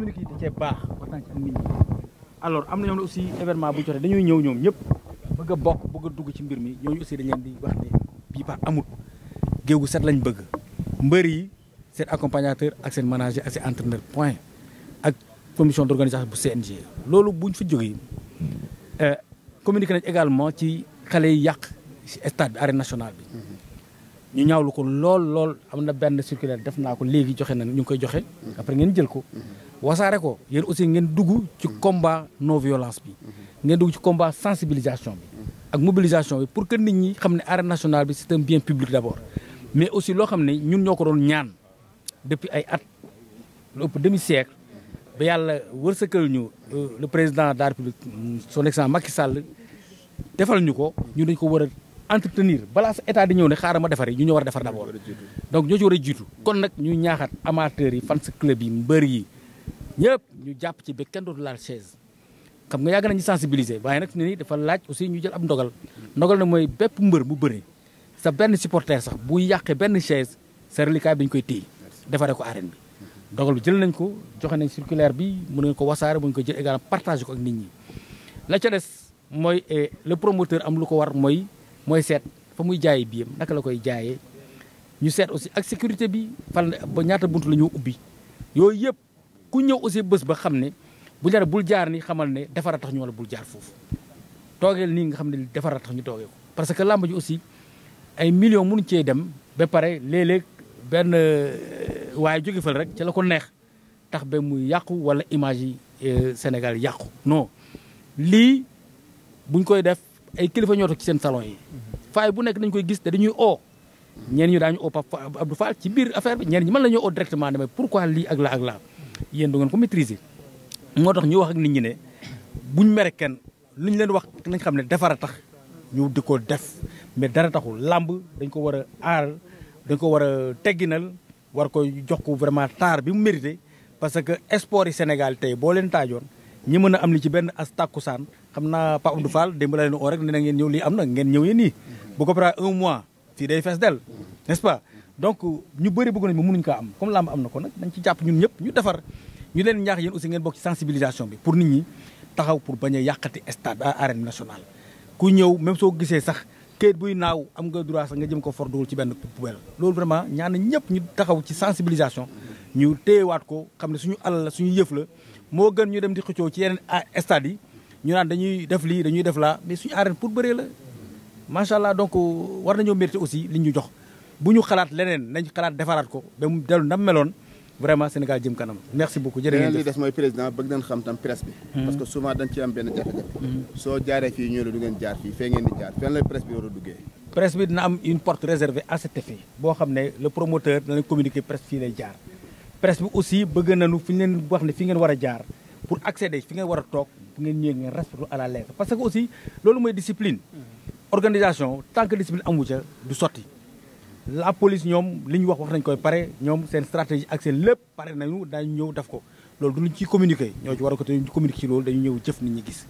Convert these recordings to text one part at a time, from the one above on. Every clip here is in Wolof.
communiqué da cee baax waxtaan ci ak nit ñi alors am na ñoom aussi événement bu jotee dañuy ñëw ñoom ñëpp bëgg a bokk bëgg a dugg ci mbir mi ñooñu aussi dañ leen di wax ne bii baax amut géew gu set lañ bëgg mbër yi seen accompagnateur ak seen manager ak seen entraîneur point ak commission d'organisation bu CNG. loolu buñ fa jógee euh, communique nañ également ci xale yi yàq ci stade bi arène nationale bi. ñu ñaawlu ko lool lool am na benn circulaire def naa ko léegi joxe na ñu koy joxe. après ngeen jël ko. wasaare ko yéen aussi ngeen dugg ci mm-hmm. combat non violence bi mm-hmm. ngeen dugg ci combat sensibilisation bi mm-hmm. ak mobilisation bi pour que nit ñi xam ne arène nationale bi c'est un bien public d'abord mais aussi loo xam ne ñun ñoo ko doon ñaan depuis ay at lu ëpp demi siècle ba yàlla wërsëgal ñu euh, le président de la république son excellence Macky Sall defal ñu ko ñu dañ ko war a entretenir balaa sa ñëw ne xaaral ma defari ñu ñoo war a defar d'abord donc ñoo ci war a jiitu kon nag ñu ñaaxaat amateurs yi fans club yi mbër yi ñëpp ñu jàpp ci ba kenn dootu laal chaise xam nga yàgg nañu sensibiliser waaye nag ni dafa laaj aussi ñu jël ab ndogal ndogal na mooy bépp mbër bu bëri sa benn supporter sax bu yàqe benn chaise sa reliquat bi ñu koy téye defaree ko arène bi ndogal bi jël nañ ko joxe nañ circulaire bi mun nga ko wasaare mën nga ko jël également partage ko ak nit ñi la ca des mooy eh, le promoteur am lu ko war mooy mooy seet fa muy jaayee biyam naka la koy jaayee ñu seet aussi ak sécurité bi fan ba ñaata bunt la ñu ubbi yooyu yëpp ku ñëw aussi bés ba xam ne bu dara bul jaar ni xamal ne defara tax ñu wala bul jaar foofu toogeel nii nga xam ne defara tax ñu toogee ko parce que làmb ji aussi ay millions mënu cee dem ba pare léeg-léeg benn euh, waaye jóge fal rek ci la ko neex tax ba muy yàqu wala image yi euh, Sénégal yàqu no lii buñ koy def ay kilifa ñoo toog ci seen salon yi faay bu nekk dañ koy gis te dañuy oo ñeen ñu o oo Pape Abdou Fall ci biir affaire bi ñeen ñi mën la ñoo oo directement damay ak la ak la yéen du ngeen ko maîtriser. moo tax ñu wax ak ni ñi ne buñ mere kenn luñ leen wax nañ xam ne defar a tax ñu di ko def mais dara taxul làmb dañ ko war a aar dañ ko war a tegginal war ko jox ko vraiment taar bi mu mérité. parce que sport yi Sénégal tey boo leen taajoon ñi mën a am li ci benn as takkusaan xam naa Pape Abdou Fall démb la rek ne na ngeen ñëw lii am na ngeen ñëw yéen nii. bu ko paree un mois fii day fees del nest donc ñu bëri bëgg nañ ma mënuñ kaa am comme làmb am na ko nag nañ ci jàpp ñun ñëpp ñu defar ñu leen ñaax yéen aussi ngeen bokk ci sensibilisation bi pour nit ñi taxaw pour bañ a yàqati stade euh, arène nationale ku ñëw même soo gisee sax kayit buy naaw am nga droit sax nga jëm ko for dugal ci benn poubelle loolu vraiment ñaan nañ ñëpp ñu taxaw ci sensibilisation ñu téyewaat ko xam ne suñu alal la suñu yëf la moo gën ñu dem di xëccoo ci yeneen ah, stades yi ñu naan dañuy def lii dañuy def laa mais suñu arène pour bëree la macha allah donc euh, war nañoo mérité aussi li ñu jox bu ñu xalaat leneen nañ xalaat defaraat ko ba mu dellu ndam meloon vraiment Sénégal jëm kanam merci beaucoup jërë ngeen li des mooy président bëgg nañ xam tam presse bi hmm. parce que souvent dañ ci am benn jafe-jafe hmm. soo jaaree fii ñëw la du ngeen jaar fii fee ngeen di jaar fenn la presse bi war a duggee am une porte réservée à cet effet boo xam ne le promoteur dana communiquer presse fii lay jaar presse bi aussi bëgg nañu fi ñu leen wax ne fi ngeen war a jaar pour accéder fi ngeen war a toog bu ngeen ñëwee ngeen respecté à la lettre parce que aussi loolu mooy discipline hmm. organisation tant que discipline amu ca du sotti la police ñoom li ñu wax wax nañ koy pare ñoom seen stratégie ak seen lépp pare nañu daañu ñëw def ko loolu du luñ ciy communiquer ñoo ci war a ko te communiquer ci loolu dañu ñëw jëf nit gis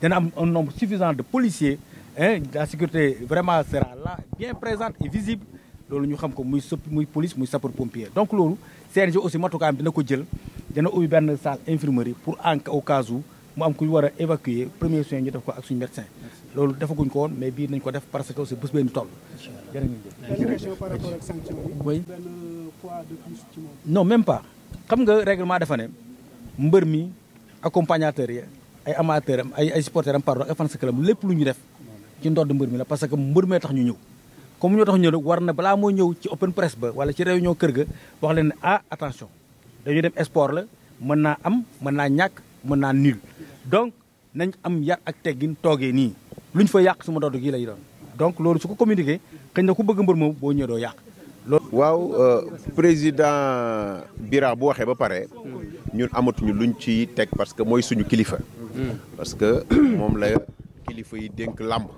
dana am un nombre suffisant de policiers hein la sécurité vraiment sera la bien présente et visible loolu ñu xam ko muy sëpp muy police muy sapeur pompier donc loolu CNG aussi matukaayam dina ko jël dina ubbi benn salle infirmerie pour en au cas où mu am ku ñu war a évacuer premier soin ñu def ko ak suñu médecin loolu defaguñ ko woon mais bii nañ ko def parce que aussi bés bee ñu toll. jërë ngeen jëf par rapport ak sanction non même pas xam nga maa defa ne mbër mi accompagnateur yi ay amateur am ay ay supporter am pardon ay fans club lépp lu ñu def ci ndodd mbër mi la parce que mbër mee tax ñu ñëw. comme ñoo tax ñëw war na balaa moo ñëw ci open press ba wala ci réunion kër ga wax leen ne ah attention dañuy dem sport la mën naa am mën naa ñàkk mën naa niil donc nañ am yar ak teggin toogee nii. luñ fa yàq suma dodd gi lay doon donc loolu su ko communiqué xëy na ku bëgg mbër moom boo ñëwee doo yàq. waaw euh, président Bira bu waxee ba pare ñun amatuñu luñ ci teg parce que mooy suñu kilifa. parce que moom la kilifa yi dénk làmb.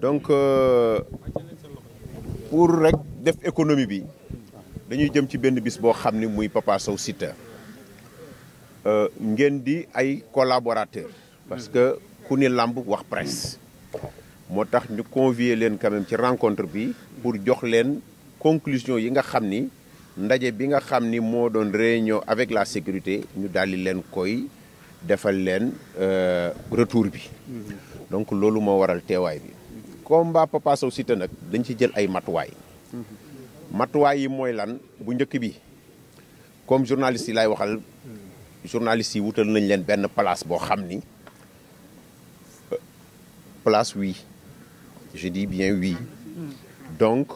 donc euh, pour rek def économie bi dañuy jëm ci benn bis boo xam ni muy Papa Sow Siteu euh, ngeen di ay collaborateurs. parce que ku ni làmb wax presse moo tax ñu convier leen quand ci rencontre bi pour jox leen conclusion yi nga xam ni ndaje bi nga xam ni moo doon réunion avec la sécurité ñu daldi leen koy defal leen euh, retour bi mm-hmm. donc loolu moo waral teewaay bi combat Papa Sow Siteu nag dañ ci jël ay matuwaay mm-hmm. matuwaay yi mooy lan bu njëkk bi comme journaliste yi laay waxal mm-hmm. journaliste yi wutal nañ leen benn place boo xam ni place oui je dis bien wii donc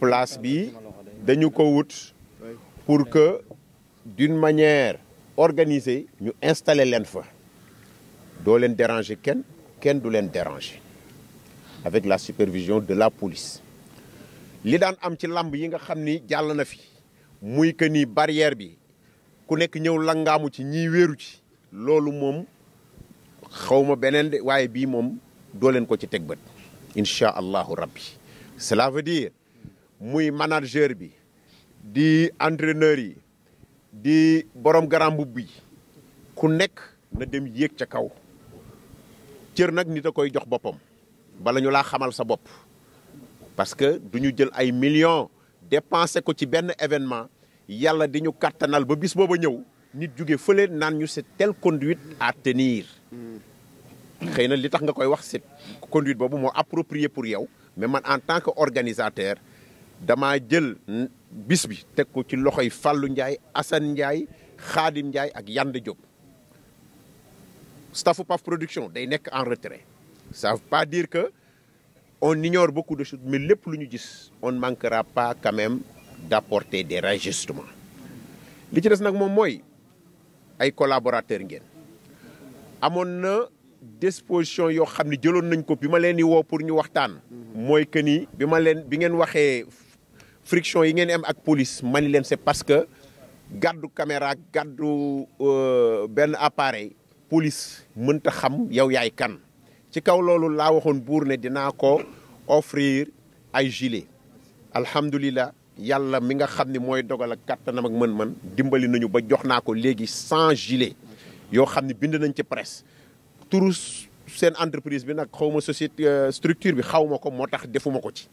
place bi dañu ko wut pour que d'une manière organisée ñu installer leen fa doo leen déranger kenn kenn du leen déranger avec la supervision de la police li daan am ci làmb yi nga xam ni jàll na fi muy que ni barrière bi ku nekk ñëw langaamu ci ñiy wéeru ci loolu moom xawma beneen de waaye bii moom doo leen ko ci teg bët incha allahu rabbi cela veut dire muy manager bi di entraîneur yi di borom garam bi yi ku nekk na dem yéeg ca kaw cër nag nit a koy jox boppam bala ñu laa xamal sa bopp parce que du ñu jël ay millions dépensé ko ci benn événement yàlla di ñu kattanal ba bis booba ñëw nit jóge fële naan ñu c'est telle conduite à tenir xëy na li tax nga koy wax c'est conduite boobu moo approprié pour yow mais man en tant que organisateur dama jël bis bi teg ko ci loxoy Fallou Ndiaye Assane Ndiaye Khadim Ndiaye ak Yande Diop staffu PAF production day nekk en retrait ça veut pas dire que on ignore beaucoup de choses mais lépp lu ñu gis on ne manquera pas quand même d'apporter des rajustements li ci des nag moom mooy ay collaborateurs ngeen amoon na disposition yoo xam ne jëloon nañ ko bi ma leen di woo pour ñu waxtaan. mooy que ni bi ma leen bi ngeen waxee friction yi ngeen am ak police ma leen c'est parce que gàddu caméra gàddu euh, benn appareil police mënta xam yow yaay kan. ci kaw loolu laa waxoon buur ne dinaa ko offrir ay gilet alhamdulilah yàlla mi nga xam ne mooy dogal ak kattanam ak mën-mën dimbali nañu ba jox naa ko léegi cent gilet yoo xam ne bind nañ ci presse. turu seen entreprise bi nag xaw ma société euh, structure bi xaw ma ko moo tax defuma ko ci.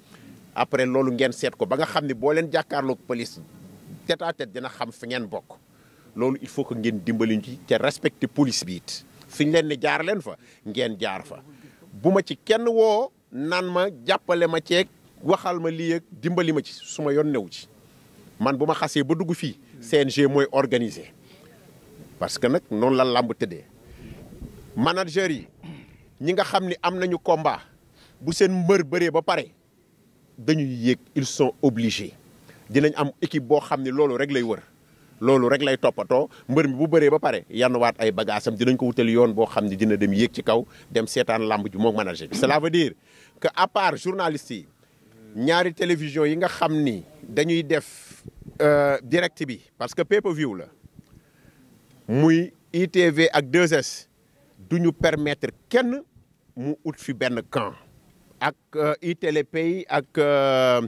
après loolu ngeen seet ko ba nga xam ne boo leen jàkkaarloog police tête à dina xam fi ngeen bokk loolu il faut que ngeen dimbali ci te respecter police bi it. fi leen ne jaar leen fa ngeen jaar fa bu ma ci kenn woo naan ma jàppale ma ceeg waxal ma lii ak dimbali ma ci suma yoon newu ci man bu ma xasee ba dugg fii mm. CNG mooy organiser parce que nag noonu la làmb tëddee. manager yi ñi nga xam ni am nañu combat bu seen mbër bëree ba pare dañuy yéeg ils sont obligés dinañ am équipe boo xam ni loolu rek lay wër loolu rek lay toppatoo mbër mi bu bëree ba pare waat ay bagaasam dinañ ko wutal yoon boo xam ni dina dem yéeg ci kaw dem seetaan làmb ji moom manager bi cela veut dire que à part journalistes yi ñaari télévision yi nga xam ni dañuy def euh, direct bi parce que pay-per-view la muy ITV ak 2S du ñu permettre kenn mu ut fi benn camp ak euh, ITLP yi ak euh,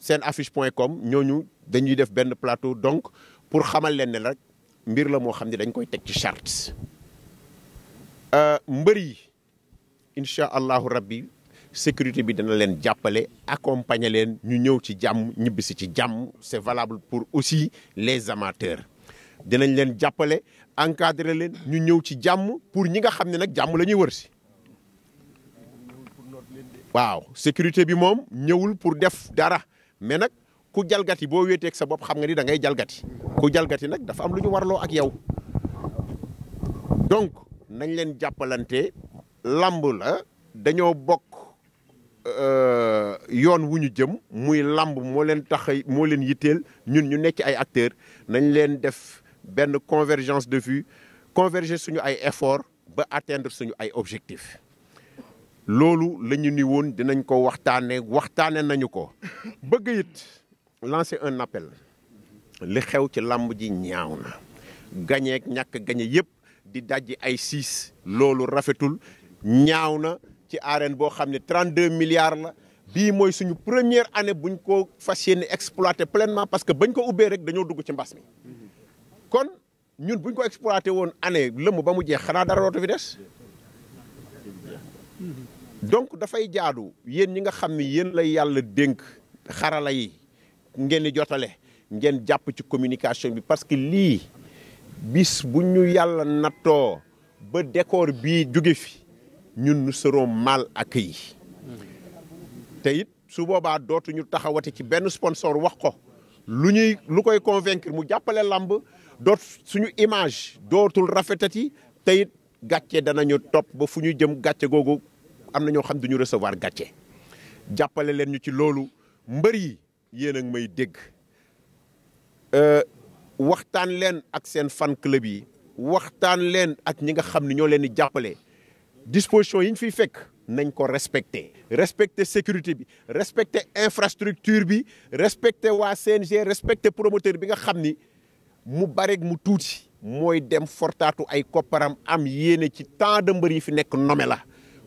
seen affiche point com ñooñu dañuy def benn plateau donc pour xamal leen ne rek mbir la moo xam ne dañ koy teg ci charte euh, mbër yi incha allahu rabbi sécurité bi dana leen jàppale accompagner leen ñu ñëw ci jàmm ñibbisi ci jàmm c'est valable pour aussi les amateurs dinañ leen jàppale encadré leen ñu ñëw ci jàmm pour ñi nga xam ne nag jàmm la ñuy wër si waaw sécurité bi moom ñëwul pour def dara mais nag ku jalgati boo weteek sa bopp xam nga ni da ngay jalgati ku jalgati nag dafa am lu ñu warloo ak yow donc nañ leen jàppalante làmb la dañoo bokk euh, yoon wu ñu jëm muy làmb moo leen tax moo leen yitteel ñun ñu nekk ay acteurs nañ leen def benn convergence de vue converger suñu ay effort ba atteindre suñu ay objectif loolu la ñu ni woon dinañ ko waxtaanee waxtaane nañu ko bëgg it lancer un appel li xew ci làmb ji ñaaw na gañeek ñàkk gañe yëpp di dajj ay siis loolu rafetul ñaaw na ci arène boo xam ne deux milliards la bii mooy suñu première année buñ ko fas yéene exploité pleinement parce que bañ ko ubbee rek dañoo dugg ci mbas mi kon ñun buñ ko exploité woon année lëm ba mu jeex xanaa dara dootu fi des donc dafay jaadu yéen ñi nga xam ni yéen lay yàlla dénk xarala yi ngeen di jotale ngeen jàpp ci communication bi parce que lii bis bu ñu yàlla nattoo ba décor bii jóge fi ñun nous serons mal accueillis te it su boobaa dootuñu taxawati ci benn sponsor wax ko lu ñuy lu koy convaincre mu jàppale làmb doot suñu image dootul rafetati te it gàcce danañu topp ba fu ñu jëm gàcce googu am na ñoo xam duñu recevoir gàcce jàppale leen ñu ci loolu mbër yi yéen a ngi may dégg euh, waxtaan leen ak seen fan club yi waxtaan leen ak ñi nga xam ne ñoo leen di jàppale disposition yi ñu fiy fekk nañ ko respecté respecté sécurité bi respecté infrastructure bi respecté waa CNG respecté promoteur bi nga xam ni mu bare mu tuuti mooy dem fortaatu ay kopparam am yéene ci tant de mbër yi fi nekk nome la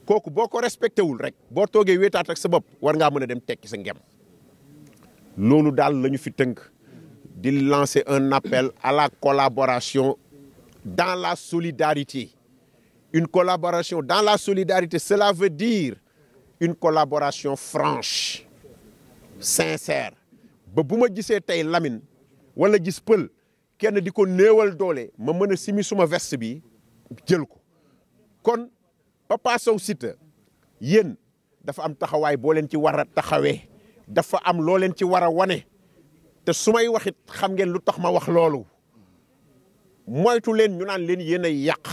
kooku boo ko respecté wul rek boo toogee wéetaat ak sa bopp war ngaa mën a dem tekki sa ngem loolu daal la ñu fi tënk di lancer un appel à la collaboration dans la solidarité une collaboration dans la solidarité cela veut dire une collaboration franche sincère ba bu ma gisee tey lamin wala gis Pël kenn di ko néewal doole ma mën a simi suma vest bi jël ko kon Papa Sow Siteu yéen dafa am taxawaay boo leen ci war a taxawee dafa am loo leen ci war a wane te sumay waxit xam ngeen lu tax ma wax loolu moytu leen ñu naan leen yéen ay yàq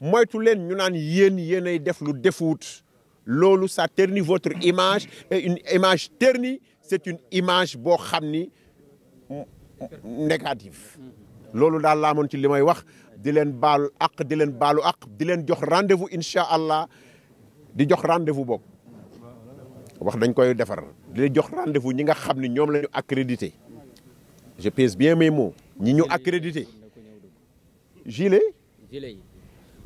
moytu leen ñu naan yéen yéen ay def lu defuut loolu ça ternit votre image et une image ternie c'est une image boo xam ni négatif loolu daal laa ci li may wax di leen baalu ak di leen baalu ak di leen jox rendez-vous incha allah di jox rendez-vous boobu wax dañ koy defar di jox rendez-vous ñi nga xam ne ñoom la ñu accrédité je pèse bien mes mots ñi ñu accrédité gilet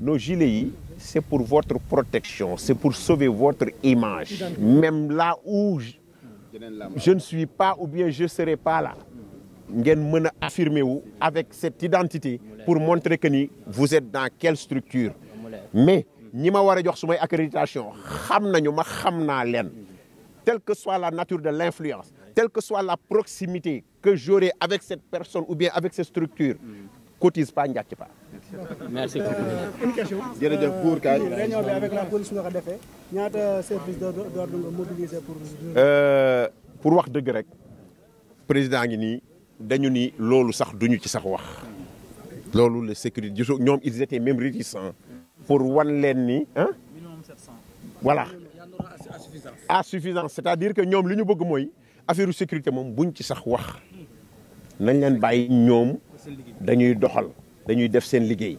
nos gilets yi c'est pour votre protection c'est pour sauver votre image même là où je ne suis pas ou bien je serai pas là ngeen mën a affirmer wu avec cette identité pour montrer que ni vous êtes dans quelle structure mais ñi ma war a jox sumay accréditation xam nañu ma xam naa leen telle que soit la nature de l'influence telle que soit la proximité que j'aurai avec cette personne ou bien avec cette structure cotise pas njàcc pas merci beaucoup. pour euh, euh, nga ko defee ñaata service d'ordre nga euh, pour. wax dëgg rek président ngi nii. dañu ni loolu sax duñu ci sax wax loolu la sécurité gisu ñoom ils étaient même réticents pour wan leen ni ah voilà à suffisance c'est-à-dire que ñoom lu ñu bëgg mooy affaire sécurité moom buñ ci sax wax nañ leen bàyyi ñoom dañuy doxal dañuy def seen liggéey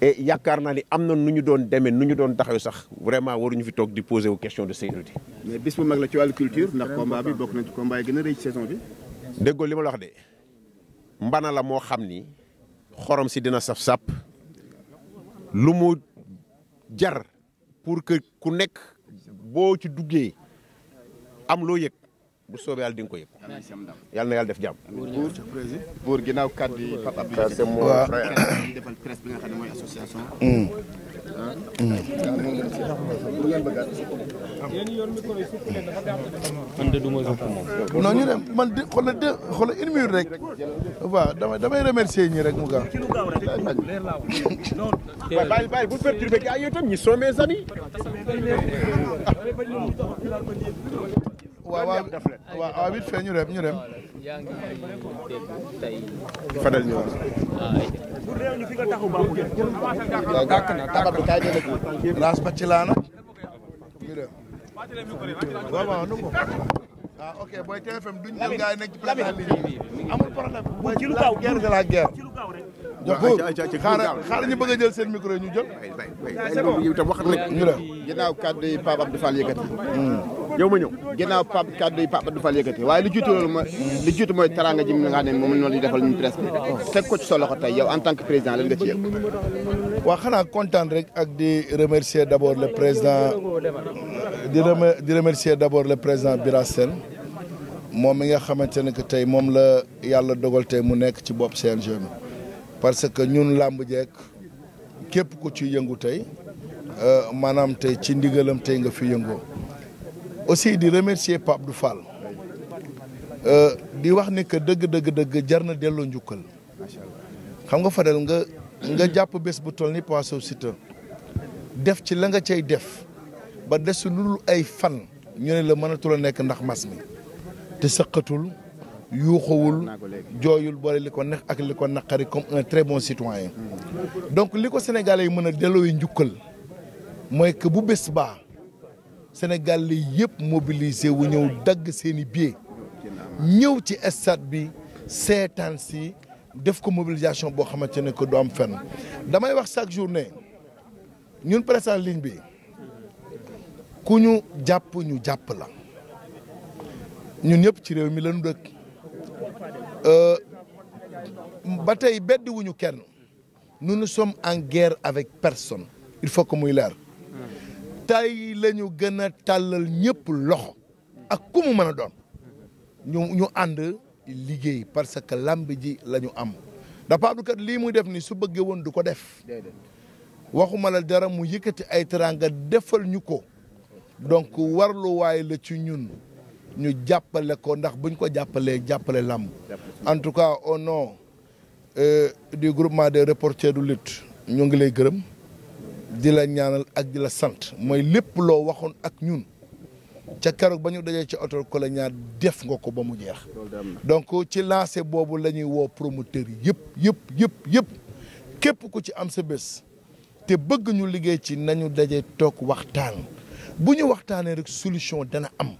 et yaakaar naa ni am na nu ñu doon demee nu ñu doon taxaw sax vraiment waruñu fi toog di poser wu question de sécurité la ci wàllu culture ndax combat bi bokk na ci combat saison bi déggoo li ma la wax de mbana la moo xam ni xorom si dina saf sàpp lu mu jar pour ku nekk boo ci duggee am loo yëg bu soobee yàlla di nga ko yëg yàlla na yàlla def jàmm. buur buur ginnaaw kàddu yi Pape bi nga xam ne mooy association. Mm. Ah. man de du ma sukk moom. non ñu man de xoolal de xoolal une minute rek waaw damay damay ñi rek mu gaaw. waaw bàyyi bu perturbé gars yi itam ñi sont mes waaw waaw waaw vite fait ñu dem ñu dem. fadal ñu woon. tàkk na tàkk na laas ba ci laana. ñu dem. waaw waaw nu mu ah ok booy TFM duñ jël gars yi nekk ci plateau bi amul gaaw guerre de la guerre. xaaral xaaral ñu bëgg a sen seen ñu jël. waaw c'est bon ñu dem. ginnaaw kàddu yi Pape Abdou Fall yëkkati. Hmm. yow ma ñëw ginnaaw Pape kàddu yi Pape Abdou Fall yëkkati waaye li jiitu loolu ma li jiitu mooy taranga ji nga xam ne moom la ñu defal ñun presse bi teg ko ci sa loxo tey yow en tant que président lan nga ci yëg xanaa kontaan rek ak di remercier d' abord le président di remercier d' abord le président Bira Sène moom mi nga xamante ne que tey moom la yàlla dogal tey mu nekk ci bopp CNG mi parce que ñun làmb jeek képp ku ci yëngu tey euh, maanaam tey ci ndigalam tey nga fi yëngoo aussi di remercier Pape Abdou Fall euh, di wax ne que dëgg dëgg dëgg jar na delloo njukkal xam nga Fadel nga nga jàpp bés bu toll ni Papa Sow def ci la nga cay def ba des lu ay fan ñu ne la mënatul a nekk ndax mas mi te sëqatul yuuxawul jooyul boole li ko neex ak li ko naqari comme un très bon citoyen donc li ko sénégalais yi mën a delloo yi njukkal mooy que bu bés baa Sénégal li yëpp mobilisé wu ñëw dagg seen i ñëw ci stade bi seetaan si def ko mobilisation boo xamante ne que du am damay wax chaque journée ñun presse en ligne bi ku ñu jàpp ñu jàpp la ñun ñëpp ci réew mi lañu dëkk euh, ba tey beddi wuñu kenn nous ne sommes en guerre avec personne il faut que muy leer tey la ñu gën a tàllal ñëpp loxo ak ku mu mën a doon ñu ñu ànd liggéey parce que lamb ji la ñu am dafa lii muy def ni su bëggee woon du ko def waxuma la dara mu yëkkati ay teranga defal ñu ko donc warluwaay la ci ñun ñu jàppale ko ndax buñ ko jàppalee jàppale lamb en tout cas au nom euh, du groupement de reporters du lutte ñu ngi lay gërëm di la ñaanal ak di la sant mooy lépp loo waxoon ak ñun ca keroog ba ñu dajee ci auto ñaar def nga ko ba mu jeex donc ci lancé boobu la ñuy woo promoteur yëpp yëpp yëpp yëpp képp ku ci am sa bés te bëgg ñu liggéey ci nañu daje toog waxtaan bu ñu waxtaanee rek solution dana am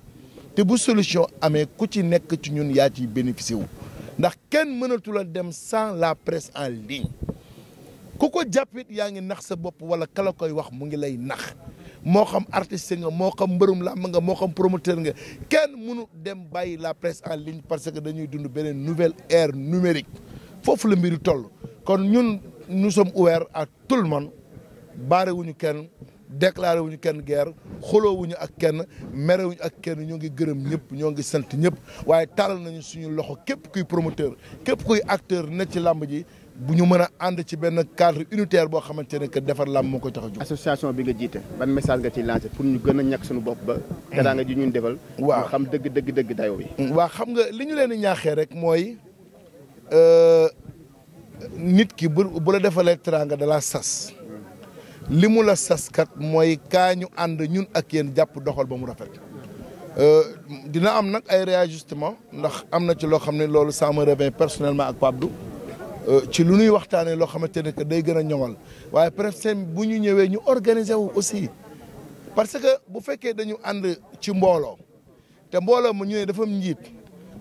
te bu solution amee ku ci nekk ci ñun yaa ci bénéficié wu ndax kenn mënatul dem sans la presse en ligne ku ko jàppit yaa ngi nax sa bopp wala kala koy wax mu ngi lay nax moo xam artiste nga moo xam mbërum làmb nga moo xam promoteur nga kenn mënu dem bàyyi la presse en ligne parce que dañuy dund beneen nouvelle ère numérique foofu la mbiru toll kon ñun nous sommes ouverts à tout le monde barewuñu kenn déclaré wuñu kenn guerre xuloo ak kenn mere ak kenn ñoo ngi gërëm ñëpp ñoo ngi sant ñëpp waaye tàllal nañu suñu loxo képp kuy promoteur képp kuy acteur nekk ci làmb ji bu ñu mën a ànd ci benn cadre unitaire boo xamante ne que defar làmb moo ko tax a jóg. association bi nga jiite ban message nga ciy lancé pour ñu gën a ñàkk suñu bopp ba. teraanga ji ñun defal. waaw xam dëgg dëgg dëgg dayo bi. xam nga li ñu leen ñaaxee rek mooy euh, nit ki bu bu la defalee teraanga da laa sas li mu la sas kat mooy kaa ñu ànd ñun ak yéen jàpp doxal ba mu rafet. Euh, dina am nag ay réajustement ndax am na ci loo xam ne loolu sama me revient personnellement ak Pape Abdou ci lu ñuy waxtaanee loo xamante ne que day gën a ñoŋal waaye préfet bu ñu ñëwee ñu organiser wu aussi parce que bu fekkee dañu ànd ci mbooloo te mbooloo ma ñu ne dafa njiit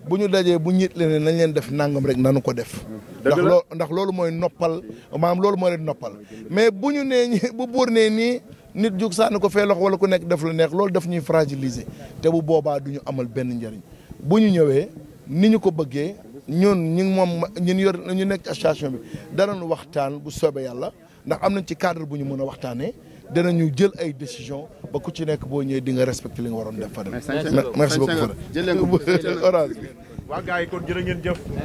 bu ñu dajee bu njiit leen nañ leen def nangam rek nanu ko def. ndax loo ndax loolu mooy noppal maam loolu mooy noppal mais bu ñu nee ñi bu buur nee nii. nit jug sànni ko fee loxo wala ku nekk def lu neex loolu daf ñuy fragiliser te bu boobaa du ñu amal benn njariñ bu ñu ñëwee ni ñu ko bëggee ñun ñun moom ñun yor ñu nekk association bi dara nu waxtaan bu soobee yàlla ndax am nañ ci cadre bu ñu mën a waxtaanee danañu jël ay décision ba ku ci nekk boo ñëwee di nga respecté li nga waroon def fa dem merci beaucoup orange bi waa gars yi kon jërë ngeen jëf